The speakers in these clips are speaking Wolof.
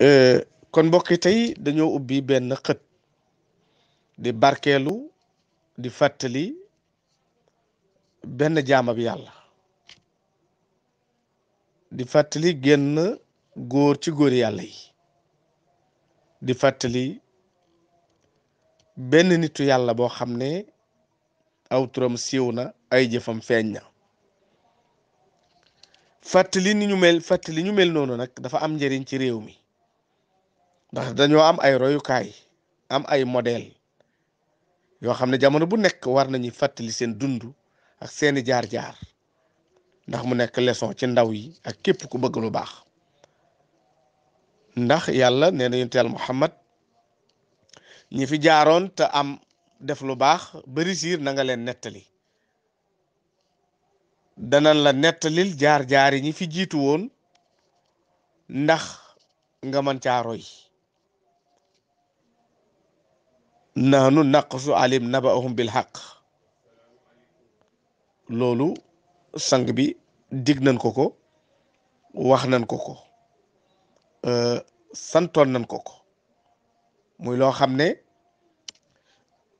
Euh, kon mbokki tey dañoo ubbi benn xët di barkeelu di fàttali benn jaamam yàlla di fàttali genn góor ci góor yàlla yi di fàttali benn nitu yàlla boo xam ne aw turam siiw na ay jëfam feeñ na fàttali ni ñu mel fàttali ñu mel noonu nag dafa am njëriñ ci réew mi ndax dañoo am ay royukaay am ay modèle yoo xam ne jamono bu nekk war nañu fàttali seen dund ak seeni jaar-jaar ndax mu nekk leçon ci ndaw yi ak képp ku bëgg lu baax ndax yàlla nee nañu teel Muhammad fi jaaroon te am def lu baax bari siir leen nettali danañ la nettalil jaar-jaar yi ñi fi jiitu woon ndax nga mën caa roy nahnu naqsu alim nabaahum bil xaq loolu sang bi dig nañ ko ko wax nañ ko ko euh, santoon nañ ko ko muy loo xam ne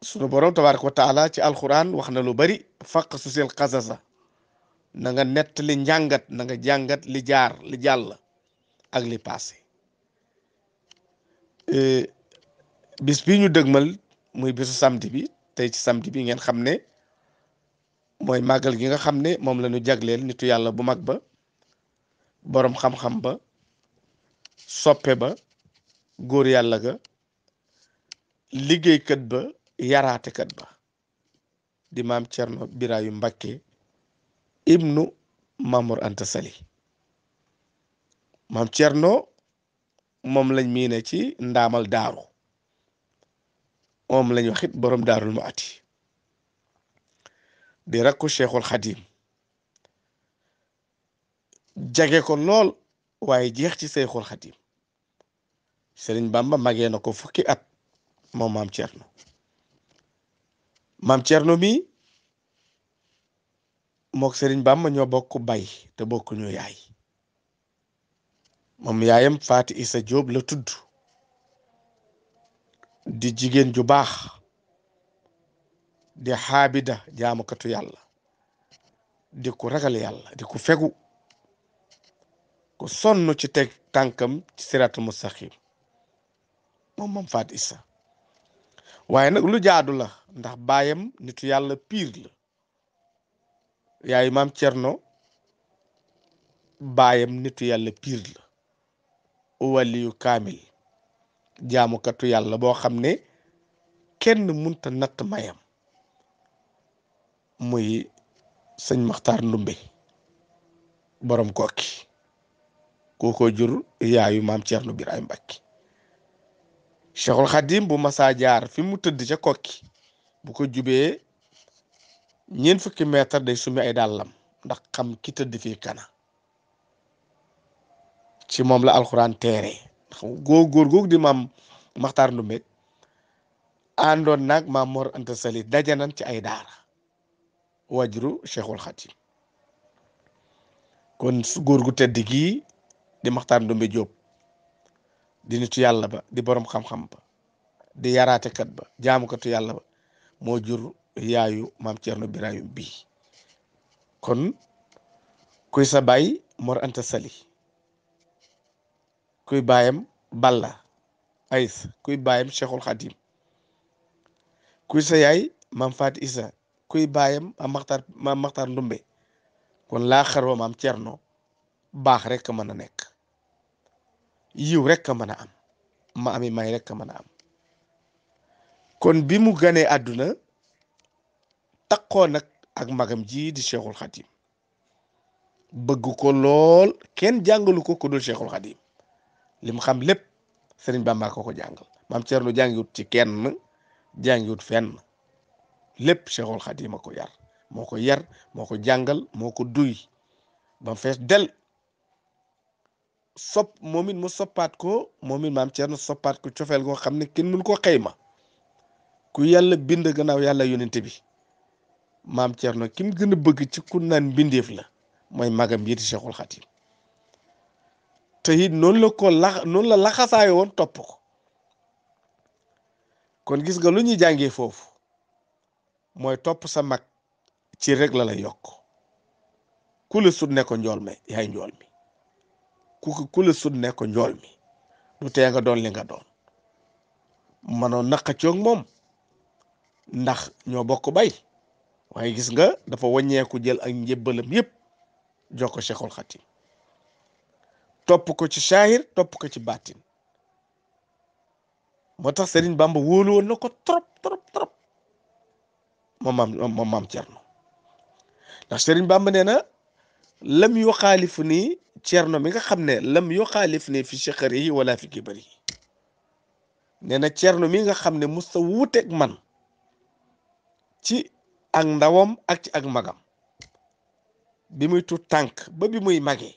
sunu borom tabaraka wa taala ci alquran wax na lu bari faq su sel xasasa na nga nettali njàngat na nga jàngat li jaar li jàll ak li passé euh, bis bii dëgmal muy bisu samedi bi tey ci samedi bi ngeen xam ne mooy màggal gi nga xam ne moom la ñu jagleel nitu yàlla bu mag ba boroom xam-xam ba soppe ba góor yàlla ga liggéeykat ba yaraatekat ba di maam Cerno Birahim Mbàkke ibnu Mamour Anta Sali maam Cerno moom lañ miine ci ndaamal daaru moom lañ wax it borom daarul mu ati di rakku cheikhul xadim jage ko lool waaye jeex ci cheikhul xadim sëriñ bamba magee na ko fukki at moom maam Thierno maam Thierno mi mook sëriñ bamba ñoo bokk bay te bokkuñu yaay moom yaayam faati isa jóob la tudd di jigéen ju baax di xaabida jaamukatu yàlla di ku ragal yàlla di ku fegu ku sonn ci teg tànkam ci siraatul mustaqim moom moom faat isa waaye nag lu jaadu la ndax baayam nitu yàlla piir la yaayu maam cerno baayam nitu yàlla piir la waliyu kaamil jaamukatu yàlla boo xam ne kenn munta natt mayam muy sëñ Maxtaar Ndumbe borom kokki kookoo jur yaayu maam Ceerno Birahim Mbàkke Cheikhul Xadim bu masaa jaar fi mu tëdd ca kokki bu ko jubee ñeent fukki mètre day sumi ay dàllam ndax xam ki tëdd fii kana ci moom la alxuraan teere góor góor googu di maam Maxtaar Ndumbe àndoon nag maam Mor Anta Sali daje ci ay daara wajru Cheikhul Khatim kon su góor gu tedd gii di Maxtaar Ndumbe Jóob di nitu yàlla ba di borom xam-xam ba di yaraatekat ba jaamukatu yàlla ba moo jur yaayu maam Thierno Birahim bii kon kuy sa baay Mor Anta Sali kuy baayam Balla Ays kuy baayam Cheikhul Khadim kuy sa yaay maam Faati Isa kuy baayam maam Maxtaar Ndumbe kon laa xarwa maam Cerno baax rek a mën a nekk yiw rek a mën a am ma ami may rek a mën a am kon bi mu ganee àdduna takkoo nag ak magam ji di Cheikhul Khadim bëgg ko lool kenn jàngalu ko ku dul Cheikhul li mu xam lépp Sëriñ Bàmba ko ko jàngal maam Thierno jàngiwut ci kenn jàngiwut fenn lépp Cheikhul Khadim ko yar moo ko yar moo ko jàngal moo ko duy ba fees del sopp moom it mu soppaat ko moom it maam Thierno soppaat ko cofeel goo xam ne kenn mënu ko xayma ku yàlla bind gannaaw yàlla yonente bi maam Thierno ki mu gën bëgg ci ku naan mbindeef la mooy magam yi di Cheikhul te it noonu la ko lax noonu la laxasaay woon topp kon gis nga lu ñuy jàngee foofu mooy topp sa mag ci rek la la yokk ku la sut ne njool mi yaay njool mi ku ku la sut ne njool mi du tee nga doon li nga doon manoon naqa coog moom ndax ñoo bokk bay waaye gis nga dafa wàññeeku jël ak njëbalam yépp jox ko Cheikhul Khatim topp ko ci saahir topp ko ci baatin moo tax Serigne Bamba wóolu woon na ko trop trop trop moom maam moom maam Cerno ndax Serigne Bamba nee na lam yoo xaalif nii Cerno mi nga xam ne lam yoo xaalif nii fi chaqari yi wala fi kibari yi nee na Cerno mi nga xam ne mus ta wuuteeg man ci ak ndawam ak ci ak magam bi muy tuut tànk ba bi muy magee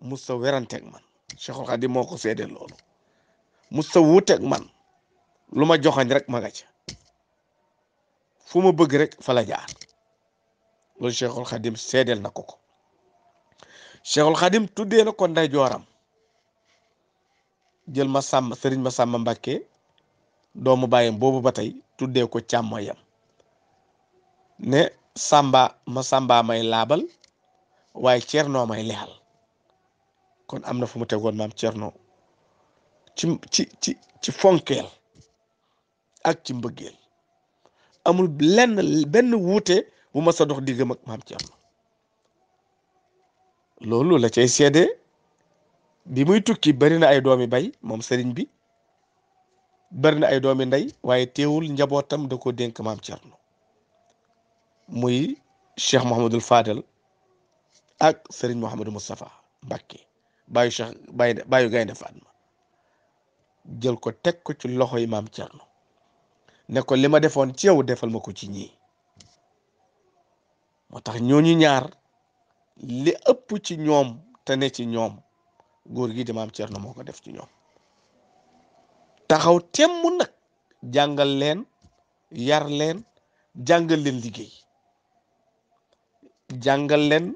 musta weranteeg man Cheikhul Khadim moo ko seede loolu musta wuuteeg man lu ma joxañ rek ma nga ca fu ma bëgg rek fala la jaar loolu Cheikhul Khadim seedeel na ko ko Cheikhul Khadim tuddee na ko nday jooram jël ma sàmm sëriñ ma sàmm mbake doomu bàyyam boobu ba tey tuddee ko càmmoyam ne samba ma samba may laabal waaye ceernoo may lexal kon am na fu mu tegoon maam Cerno ci ci ci ci fonkeel ak ci mbëggeel amul lenn benn wuute bu ma sa dox diggam ak maam Cerno loolu la cay seede bi muy tukki bari na ay doomi bay moom sëriñ bi bari na ay doomi ndey waaye teewul njabootam da ko dénk maam Cerno muy Cheikh Mouhamadul Fadel ak sëriñ Mouhamadou Moustapha Mbacké bàyyu Cheikh bàyyi bàyyu jël ko teg ko ci loxo yi maam Thierno ne ko li ma defoon ci defal ma ko ci ñii moo tax ñooñu ñaar li ëpp ci ñoom te ci ñoom góor gi di maam Thierno moo ko def ci ñoom taxaw mu nag jàngal leen yar leen jàngal leen liggéey jàngal leen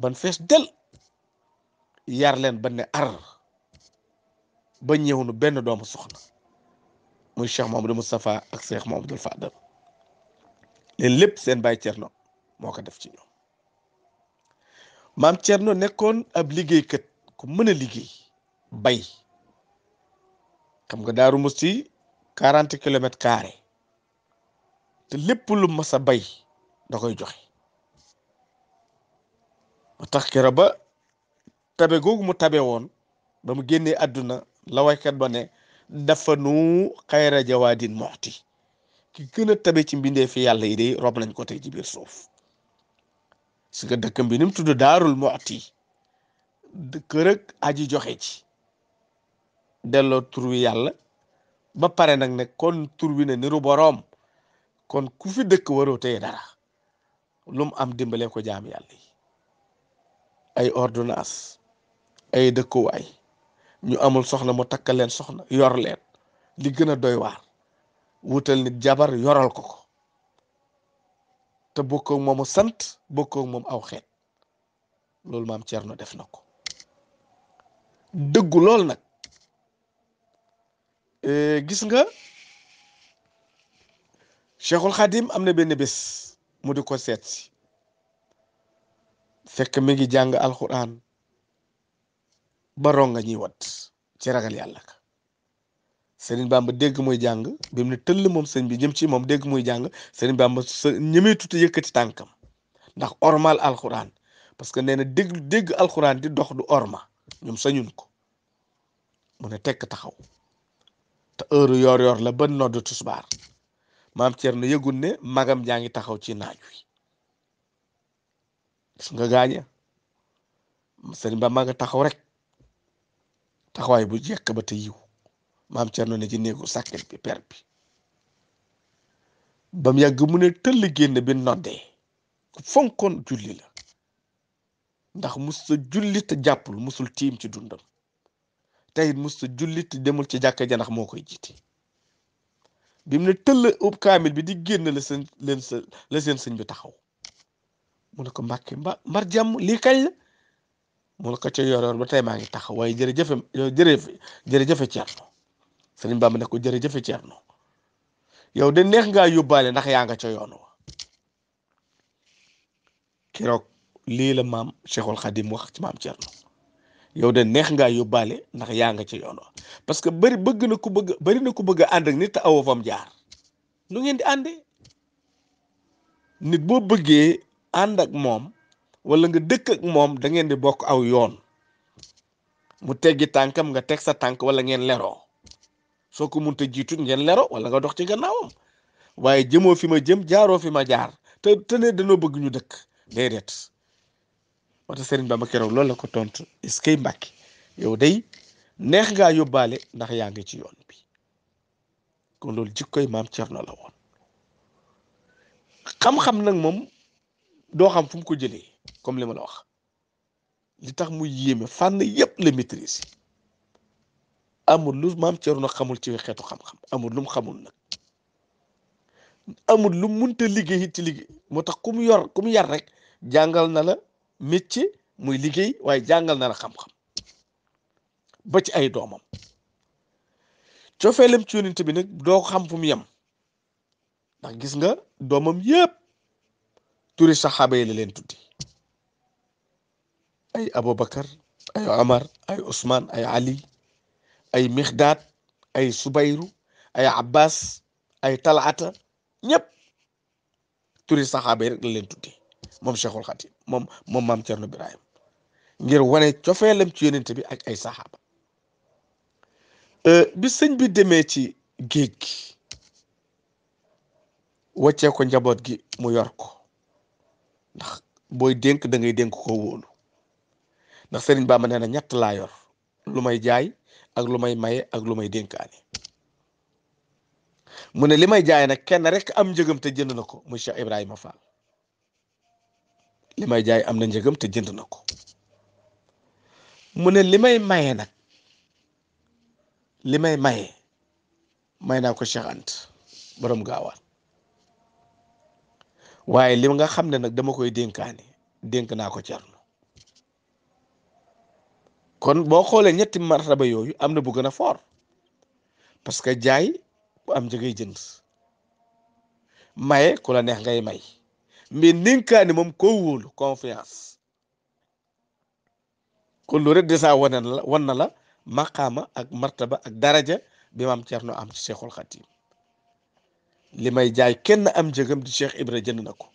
ban fees del yar leen ba ne ar ba ñëw nu benn doomu soxna muy Cheikh Mouhamadou Moustapha ak Cheikh Mouhamadou Fadal leen lépp seen baay Cerno moo ko def ci ñoom maam Cerno nekkoon ab liggéeykat ku mën a liggéey bay xam nga Daaru ci quarante kilomètres carré te lépp lu mas a bay da koy joxe ba tax keroog ba tabe googu mu tabe woon ba mu génnee àdduna la waykat ba ne dafa nu xayra jawaadin moxti ki gën a tabe ci mbindee fi yàlla yi day rob nañ ko tey ci biir suuf su nga dëkkam bi ni tudd daarul moxti kër ak aji joxe ci delloo turwi yàlla ba pare nag ne kon tur wi ne niru boroom kon ku fi dëkk waroo tey dara lu am dimbale ko jaam yàlla ay ordonnance ay dëkkuwaay ñu amul soxna mu takkal leen soxna yor leen li gën a doy waar wutal nit jabar yoral ko ko te bokkoo moomu sant bokkoo moom aw xeet loolu maam Thierno def na ko dëggu lool nag e, gis nga Cheikhul Khadim am na benn bés mu di ko seet si fekk mi ngi jàng alxuraan ba ronga ñuy wat ci ragal yàlla ka sëriñ Bamba dégg muy jàng bi mu ne tëll moom sëñ bi jëm ci moom dégg muy jàng sëriñ Bamba sa ñemee tuuti yëkkati tànkam ndax ormal alxuraan parce que nee na dégg dégg alxuraan di dox du orma ñoom sañun ko mu ne tekk taxaw te heure yor yor la ba nodd tusbaar maam Thierno yëgul ne magam jaa ngi taxaw ci naaj wi gis nga gaaña sëriñ Bamba nga taxaw rek taxawaay bu jekk ba te yiw maam Cerno ne ci néegu sàkket bi per bi ba yàgg mu ne tëll génn bi noddee ku fonkoon julli la ndax mus sa julli te jàppul musul tiim ci dundam te it mus sa julli te demul ci jàkka ja ndax moo koy jiite bi mu ne tëll ub kaamil bi di génn la seen seen sëñ bi taxaw mu ne ko mbàkke mbar jàmm lii kañ la mu la ko ca yoroon ba tey maa ngi taxaw waaye jërëjëf jërëjëf jërëjëf Thierno sëriñ Bamba ne ko jërëjëf Thierno yow de neex ngaa yóbbaale ndax yaa nga ca lii la maam Cheikhul Khadim ci maam Thierno de neex ngaa yóbbaale ndax yaa nga ca yoon wa parce que bari bëgg na ku bëgg bari na ku bëgg a ànd ak nit te awoo jaar nu ngeen di àndee nit boo bëggee ànd ak moom. wala nga dëkk moom da ngeen di bokk aw yoon mu teggi tànkam nga teg sa tànk wala ngeen leroo soo ko munta jiitu ngeen lero wala nga dox ci gannaawam waaye jëmoo fi ma jëm jaaroo fi ma jaar te te bëgg ñu dëkk déedéet wata sëriñ Bamba keroog loolu la ko tontu is kay mbàkki yow day neex nga yóbbaale ndax yaa ngi ci yoon bi kon loolu jikkoy maam Cerno la woon xam-xam nag moom doo xam fu ko jëlee comme li ma la wax li tax mu yéeme fànn yépp la maîtrise amul lu maam Thierno xamul ci xeetu xam-xam amul lu xamul nag amul lu munta liggéey ci liggéey moo tax ku mu yor ku yar rek jàngal na la métier muy liggéey waaye jàngal na la xam-xam ba ci ay doomam cofeelam ci yonent bi nag doo xam fu mu yem ndax gis nga doomam yépp turi sax yi la leen tuddi ay Aboubacar ay Omar ay Ousmane ay Ali ay Mixdaad ay Subayru ay Abbas ay Talaata ñëpp turi saxaaba yi rek la leen tuddi moom Cheikhul Khatim moom moom maam Thierno Birahim ngir wane cofeelam ci yonent bi ak ay saxaaba euh, bi sëñ bi demee ci gi wàccee ko njaboot gi mu yor ko ndax booy dénk da dénk ko wóolu ndax Serigne Bamba nee na ñett laa yor lu may jaay ak lu may maye ak lu may dénkaane mu ne li may jaay nag kenn rek am njëgam te jënd na ko muy Ibrahima Fall li may jaay am na njëgam te jënd na ko mu ne li may maye nag li may maye may naa ko Cheikh Anta borom gaawaan waaye li nga xam ne nag dama koy dénkaane dénk naa ko Thierno kon boo xoolee ñetti martaba yooyu am na bu gën a fort parce que jaay bu am njëgay jënd maye ku la neex ngay may mais ndénkaane moom koo wóolu confiance kon loolu rek dèjà wane na la wan na la maqaama ak martaba ak daraja bi maam Cerno am ci Cheikhul Xatim li may jaay kenn am njëgam di Cheikh Ibra jënd na ko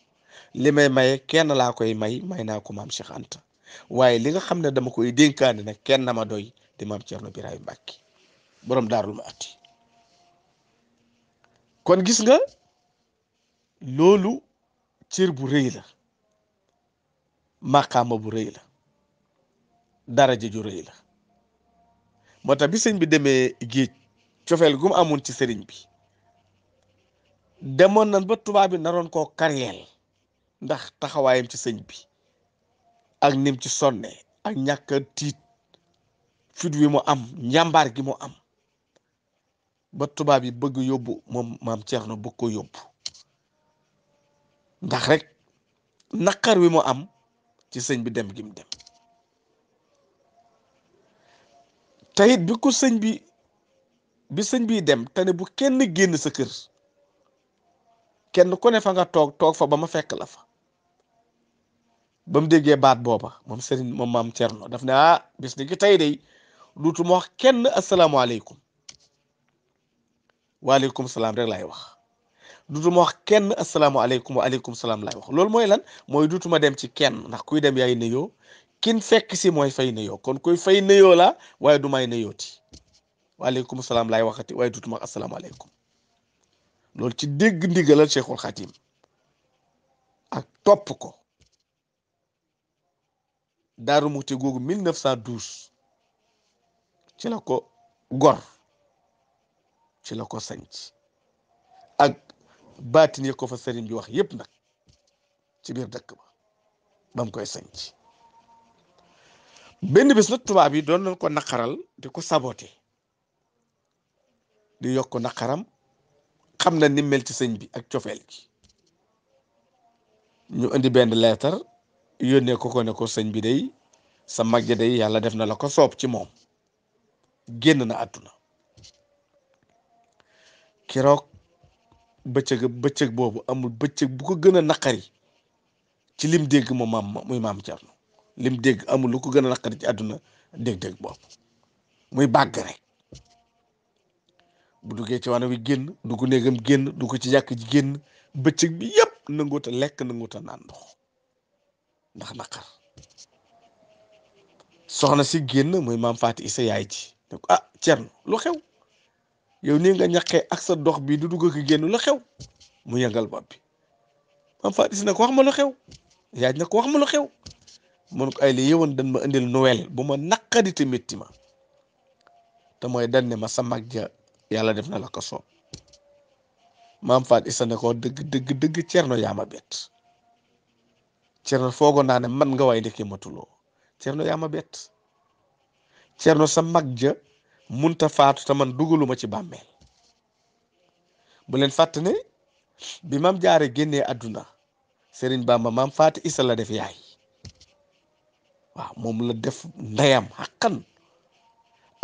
li may maye kenn laa koy may may naa ko maam Cheikh Anta waaye li nga xam ne dama koy dénkaane na kenn na ma doy di maam Cerno Birahim Mbàkke daar lu ma atti kon gis nga loolu cër bu rëy la maqaama bu rëy la daraja ju rëy la moo tax bi sëñ bi demee géej cofeel gu mu ci sëriñ bi demoon nan ba tubaab bi naroon koo karyeel ndax taxawaayam ci sëñ bi ak nim ci sonne ak ñàkk tiit fit wi mu am njàmbaar gi mu am ba tubaab yi bëgg yóbbu moom maam Thierno bëgg ko yóbbu ndax rekk naqar wi mu am ci sëñ bi dem gim dem te bi ko sëñ bi bi sëñ bi dem te bu kenn génn sa kër kenn ku ne fa nga toog toog fa ba ma fekk la fa bam mu baat boba mom sëriñ mom mam Thierno daf ne ah bis ni ki tay dé dutu mo wax kenn assalamu alaykum wa alaykum salam rek lay wax dutu mo wax kenn assalamu alaykum wa alaykum salam lay wax loolu moy lan moy dutu ma dem ci kenn ndax kuy dem yaay neyo kin fekk ci moy fay neyo kon kuy fay neyo la waaye du may wa alaykum salam lay waxati dutu ma assalamu alaykum loolu ci deg ndigal Cheikhul Khatim ak top ko. daaru muxti googu 1912 ci la ko gor ci la ko sanc ak baatin ya ko fa sëriñ bi wax yépp nag ci biir dëkk ba ba koy sanc benn bis nag tubaab yi doon nañ ko naqaral di ko sabote di yokk naqaram xam na ni ci sëñ bi ak cofeel gi ñu indi benn leetar yónnee ko ko ne ko sëñ bi day sa mag ja day yàlla def na la ko soob ci moom génn na àdduna keroog bëccëg bëccëg boobu amul bëccëg bu ko gën a naqari ci lim dégg moom maam muy maam Thierno lim dégg amul lu ko gën a naqari ci àdduna dégg-dégg boobu muy bàgg rek bu duggee ci wana wi génn dugg néegam génn dugg ci jàkk ji génn bëccëg bi yépp nanguta lekk nanguta naan ndox ndax naqar soxna si génn mooy maam Faati Isa yaay ci ne ko ah Cerno lu xew yow nii nga ñaqee ak sa dox bii du dugg ki génn lu xew mu yëngal bopp bi maam Faati Isa ne ko wax ma lu xew yaay na ko wax ma lu xew mun ko ay li yëwoon dañ ma indil noël bu ma naqari te métti ma te mooy dañ ne ma sa mag ja yàlla def na la ko soob maam Faati Isa ne ko dëgg dëgg Cerno yaa bet Cerno foogoon naa ne man nga waaye ndekkee matuloo Cerno yaa ma bett Cerno sa mag ja munta faatu te man dugaluma ci bàmmeel bu leen fàtt bi maam jaare génnee àdduna sëriñ Bamba maam faati issa la def yaay waaw moom la def ndeyam xaqan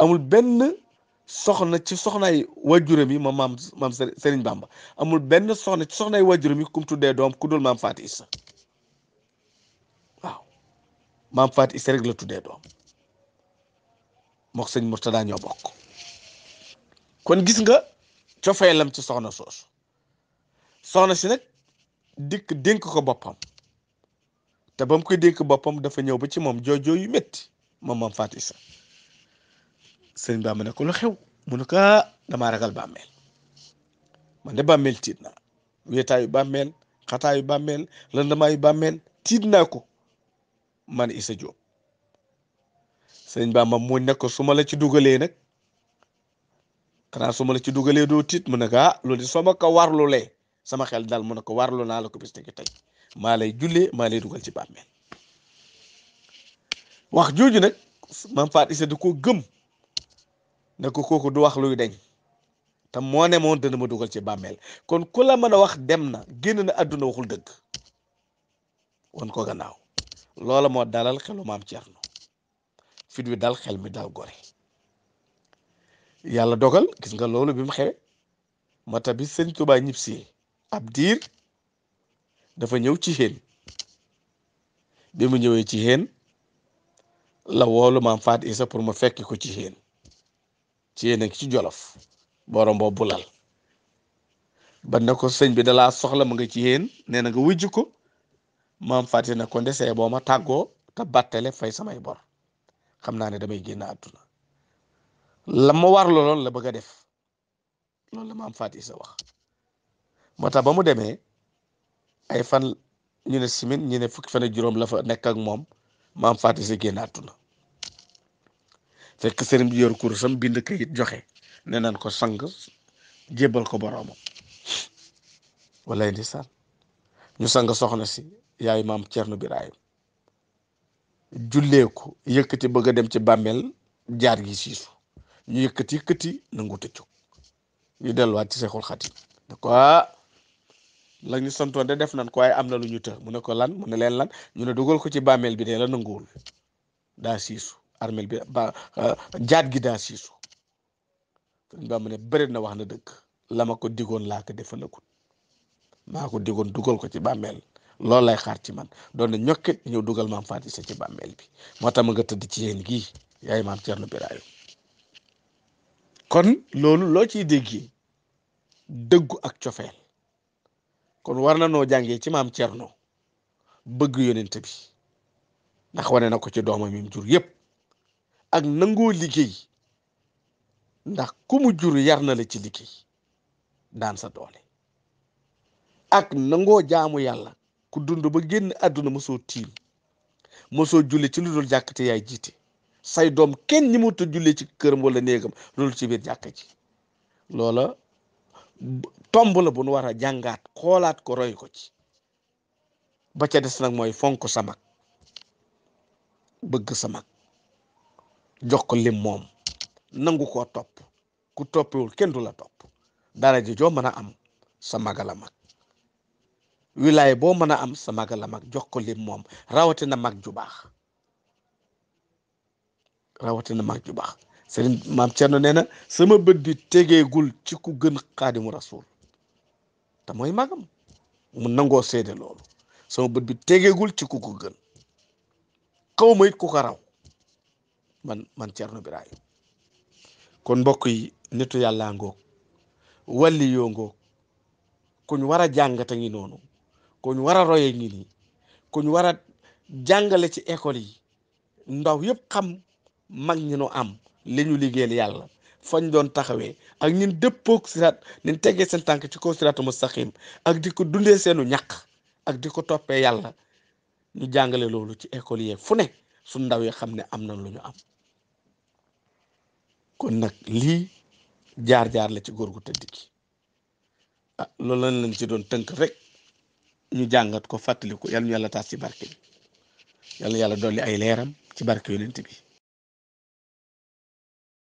amul benn soxna ci soxnaay waajuram yi ma maam maam sëriñ Bamba amul benn soxna ci soxnaay waajuram yi kum tuddee doom ku dul maam faati isa maam Faat Isa rek la tuddee doom mook sëñ Murtada ñoo bokk kon gis nga cofeelam ci soxna soosu soxna si nag dikk dénk ko boppam te ba koy dénk boppam dafa ñëw ba ci moom joojoo yu métti moom maam Faat Isa sëñ baa ma ne ko lu xew mu ne ko ah, damaa ragal bàmmeel man de bàmmeel tiit naa wéetaayu bàmmeel xataayu bàmmeel lëndamaayu bàmmeel tiit naa ko man isa job señ ba ma ne ko suma la ci dugalee nak kana suma la ci dugalee do tit mu nak ah loolu soo ma ko sama xel dal mu nak ko warlu na la ko bis ki tey maa lay jullee ma lay dugal ci bàmmeel wax joju nak man Faat isa du ko gëm nak ko koku du wax luy deñ ta mo ne mo dana ma dugal ci kon kula la wax dem na na aduna waxul deug won ko gannaaw loola moo dalal xelu maam Cerno fit wi dal xel mi dal gore yàlla dogal gis nga loolu bi mu xewe mata bi sëñ Tuubaa ñib si ab diir dafa ñëw ci xéen bi mu ñëwee ci xéen la woolu maam Faat Isa pour mu fekki ko ci xéen ci xéen ak ci jolof borom boobu bulal ba na ko sëñ bi dalaa soxla ma nga ci xéen nee na nga wujj ko maam fàtte na ko ndesee boo ma tàggoo te battale fay samay bor xam naa ne damay génn àdduna la ma war la loolu la bëgg a def loolu la maam fàtte sa wax moo tax ba mu demee ay fan ñu ne simin ñu ne fukki fan juróom la fa nekk ak moom maam fàtte sa génn àdduna fekk sëriñ bi yor kurusam bind kayit joxe ne nan ko sang jébbal ko boroomam walay ndeysaan ñu sang soxna si yaay maam Cerno Birahim jullee ko yëkëti bëgg dem ci bammel jaar gi su ñu yëkëti yëkëti nangu tëccu ñu wat ci xol xati da ko ah, la ñu santoon de def nan ko ay amna lu ñu të mu ne ko lan mu ne len lan ñu ne dugal ko ci bammel bi de la da ci su armel bi ba ah, gi ba mu ne bëre na wax na la ko digoon ko maa ko digoon dugal ko ci bàmmeel loolu lay xaar ci man doon na ñokkit ñëw dugal maam Faty ci bàmmeel bi moo tax ma nga tëdd ci yéen gii yaay maam Thierno Birahim kon loolu loo ciy déggee dëggu ak cofeel kon war noo jàngee ci maam Thierno bëgg yonent bi ndax wane na ko ci doomam jur yépp ak nangoo liggéey ndax ku mu jur yar na la ci liggéey daan sa doole ak nangoo jaamu yàlla ku dund ba génn àdduna mosoo tiim mosoo julli ci lu dul jàkk yaay jiite say doom kenn ñi muta julli ci këram wala néegam loolu ci biir jàkk ji loola tomb la bu nu war a jàngaat xoolaat ko roy ko ci ba ca des nag mooy fonk sa mag bëgg sa mag jox ko lim moom nangu ko topp ku toppiwul kenn du la topp dara ji joo mën a am sa maga mag wilaay boo mën a am sa mag la mag jox ko lim moom rawatina mag ju baax rawatina mag ju baax sëriñ maam Cerno na sama bët bi tegeegul ciku ku gën xaadimu rasul te mooy magam mu nangoo seede loolu sama bët bi tegeegul ci ku gën xaw ma it ku ko raw man man Cerno Birahim kon mbokk yi nitu yàllaa ngoog wàlli yoo ngoog kuñ war a jàngata ngi noonu ko ñu war a royee ngi nii ku ñu war a jàngale ci école yi ndaw yëpp xam mag ñi nu am li ñu liggéeyal yàlla fañ doon taxawee ak ñun dëppoog siraat ñun tegee seen tànk ci kaw siraatu mustaqim ak di ko dundee seenu ñaq ak di ko toppee yàlla ñu jàngale loolu ci école yeeg fu ne su ndaw yi xam ne am na lu ñu am kon nag lii jaar-jaar la ci góor gu tëdd ah, loolu la leen ci doon tënk rek ñu jàngat ko fàttaliku yal na yàlla taas ci barke bi yal na yàlla dolli ay leeram ci barke yonent bi